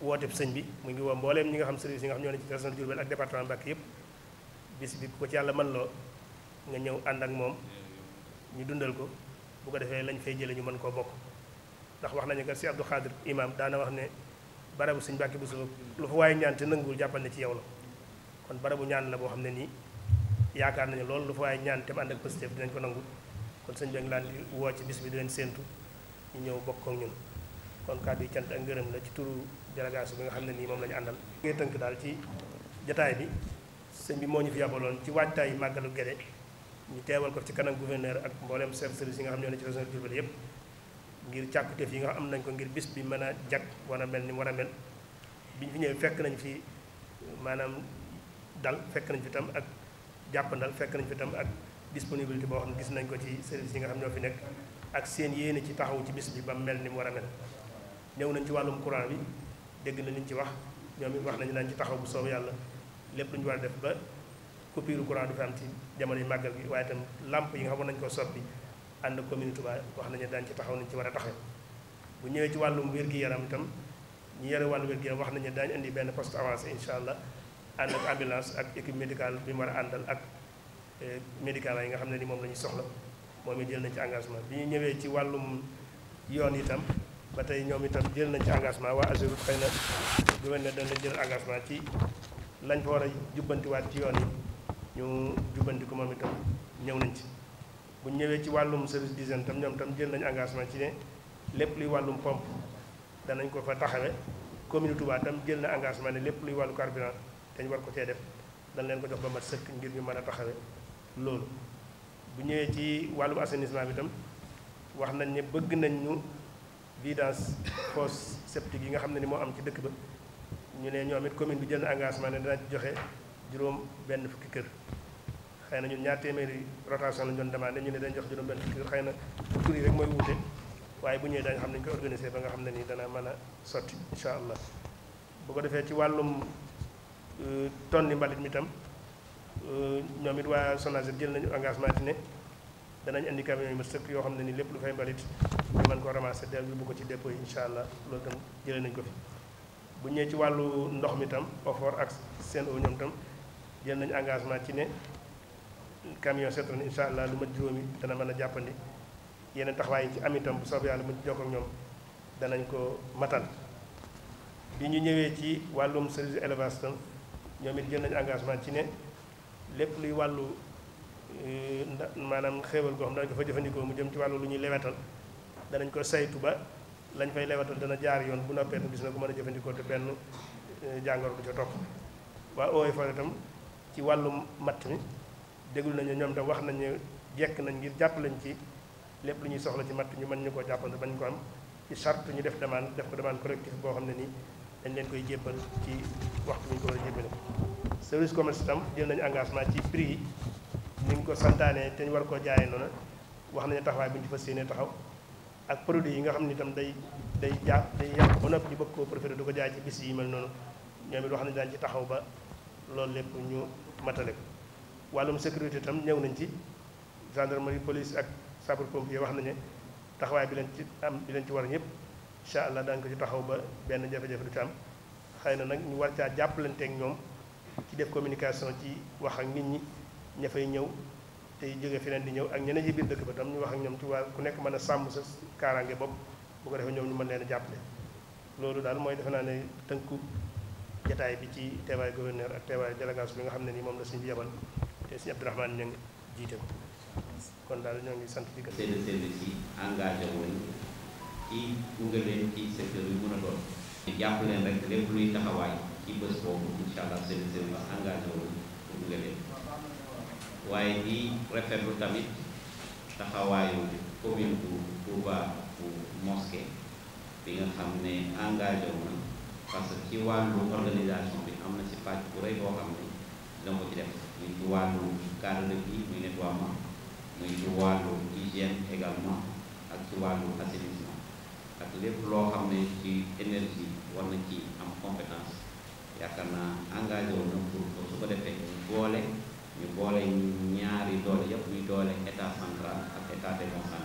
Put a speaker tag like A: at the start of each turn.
A: wooteb sëñ bi mu ngi woo mbooleem ñi nga xam service yi nga xam ñoo ne ci région de Diourbel ak département Mbacké yëpp bis bi ko ci yàlla man loo nga ñëw ànd ak moom ñu dundal ko bu ko defee lañ fay jële ñu mën koo bokk ndax wax nañu kat si Abdou Khadir imam daana wax ne barabu sëñ Mbacké Bousso lu fa waaye ñaan te nanguwul jàppal ne ci yow la kon barabu ñaan la boo xam ne nii yaakaar nañu loolu lu fa waaye ñaan te mu ànd ak positif dinañ ko nangul kon sëñ bi laan di woo ci bis bi di leen séentu ñu ñëw bokk kon kàddu yi cant ak ngërëm la ci turu délégation bi nga xam ne nii moom la ñu àndal. ngay tënk daal ci jataay bi sëñ bi moo ñu fi yabaloon ci waajtaayu màggalu Guédé ñu teewal ko ci kanam gouverneur ak mboolem chef service yi nga xam ne ñoo ne ci région de ngir càkkuteef yi nga am nañ ko ngir bis bi mën a jag war a mel ni war a mel bi ñu fi ñëwee fekk nañ fi maanaam dal fekk nañ fi itam ak jàpp jàppandal fekk nañ fi tam ak disponibilité boo xam ne gis nañ ko ci service yi nga xam ñoo fi nekk ak seen yéene ci taxaw ci bis bi ba mel ni mu war a ñëw nañ ci wàllum courant bi dégg na liñ ci wax ñoom it wax nañu daan ci taxaw bu soob yàlla lépp lu ñu war a def ba coupure courant du fi am ci jamono màggal gi waaye itam làmp yi nga xamoon nañu ko soppi ànd commune Touba wax nañu daan ci taxaw nañu ci war a taxaw bu ñëwee ci wàllum wér-gi-yaram itam ñu yore wàll wér-gi-yaram wax nañu daañu indi benn poste avancé incha allah ànd ak ambulance ak équipe médicale bi mu war a àndal ak eh, médicaments yi xam ne ni moom la ñuy soxla moom jël nañ ci engagement bi ñu ñëwee ci wàllum yoon itam ba tey ñoom itam jël nañ ci engagement waa Ageroute xëy na gouverneur dana jël engagement ci lañ fa war a jubbantiwaat ci yoon yi ñu jubbanti ko moom itam ñëw nañ ci. bu ñëwee ci wàllum service d'hygiène tam ñoom tam jël nañu engagement ci ne lépp luy wàllum pompe danañ ko fa taxawe commune Touba tam jël na engagement ne lépp luy wàllu carburant dañ war ko cee def dañ leen ko jox ba mat sëkk ngir ñu mën a taxawe loolu bu ñëwee ci wàllum assainissement bi tam vidange fosse septique yi nga xam ne ni moo am ci dëkk ba ñu ne ñoom it commune bi jël na engagement ne dana ci joxe juróom benn fukki kër xëy na ñun ñaar téeméeri rotation la ñu doon demandé ñu ne dañ jox juróom benn fukki kër xëy na tur yi rek mooy wuute waaye bu ñëwee daañu xam ne ñu koy organisé ba nga xam ne nii dana mën a sotti incha allah bu ko defee ci wàllum euh, tonni mbalit mi tam euh, ñoom it waa SONAGED jël nañu engagement ci ne danañ indi camion yu ma yoo xam ne ni lépp lu fay man mën ko ramasser del bu ko ci dépôt yi incha allah loolu tam jëlee nañ ko fi bu ñëwee ci wàllu ndox mi tam OFOR ak Sen'Eau ñoom tam jël nañ engagement ci ne camion seetaan incha allah lu mat juróomi dana mën a jàppandi yeneen taxawaay ci am itam bu soobee yàlla mu jokk ak ñoom danañ ko matal. bi ñu ñëwee ci wàllum service élevage tam ñoom it jël nañ engagement ci ne lépp luy wàllu euh, maanaam xéewal goo xam dañ ko fa jëfandikoo mu jëm ci wàllu lu ñuy lewetal danañ ko saytu ba lañ fay lewatal dana jaar yoon bu noppee mu gis na ko mën a jëfandikoo te benn eh, jàngoro bu ca toog waa ooy fa itam ci wàllum matt mi déglu nañu ñoom tam wax nañu jekk nañ ngir jàpp lañ ci lépp lu ñuy soxla ci matt ñu mën ñu koo jàppante bañ ko am ci charte ñu def demande def ko demande collectif boo xam ne nii dañ leen koy jébbal ci waxtu bi ñu ko war a jébbale service commerce itam jël nañu engagement ci prix yi ni ko santaane te ñu war koo jaaree noonu wax nañu taxawaay bi ñu ci fas taxaw ak produit yi nga xam ne itam day day jaa day yàq ba noppi ñu bëgg koo préféré du ko jaay ci bis yi mel noonu ñoom it wax nañ daan ci taxaw ba loolu lépp ñu matale ko wàllum sécurité itam ñëw nañ ci gendarmerie police ak sapeur pompier wax nañu taxawaay bi leen ci am bi leen ci war ñëpp incha allah daañu ko ci taxaw ba benn jafe-jafe du ci am xëy na nag ñu war caa jàpp jàppalanteeg ñoom ci def communication ci wax ak nit ñi ña fay ñëw tey jege feneen di ñëw ak ñeneen ci biir dëkk ba tam ñu wax ak ñoom ci waa ku nekk mën a sàmm sa kaaraange bopp bu ko defee ñoom ñu mën leen a jàppale loolu daal mooy defe naa ne tënku jataay bi ci teewaay gouverneur ak teewaay délégation bi nga xam ne nii moom la suñu yebal te suñu Abdourahmane ñu ngi jiite ko kon daal ñoo ngi sant di ko. seen service yi
B: engagé woon ci gunge leen ci secteur bi mën a doon. jàpp leen rek lépp luy taxawaay ci bés boobu incha allah waaye di rafetlu tamit taxawaayu commune bu Touba bu mosquée bi nga xam ne engagé wu na parce que ci wàllu organisation bi am na ci pàcc bu rëy boo xam ne dina ci def muy ci wàllu cadre de vie muy nettoiement muy ci wàllu hygiène également ak ci wàllu assainissement ak lépp loo xam ne ci énergie war na ci am compétence yaakaar naa engagé wu na pour su ko defee boole. ñu boole ñaari doole yépp muy doole état central ak état démocratique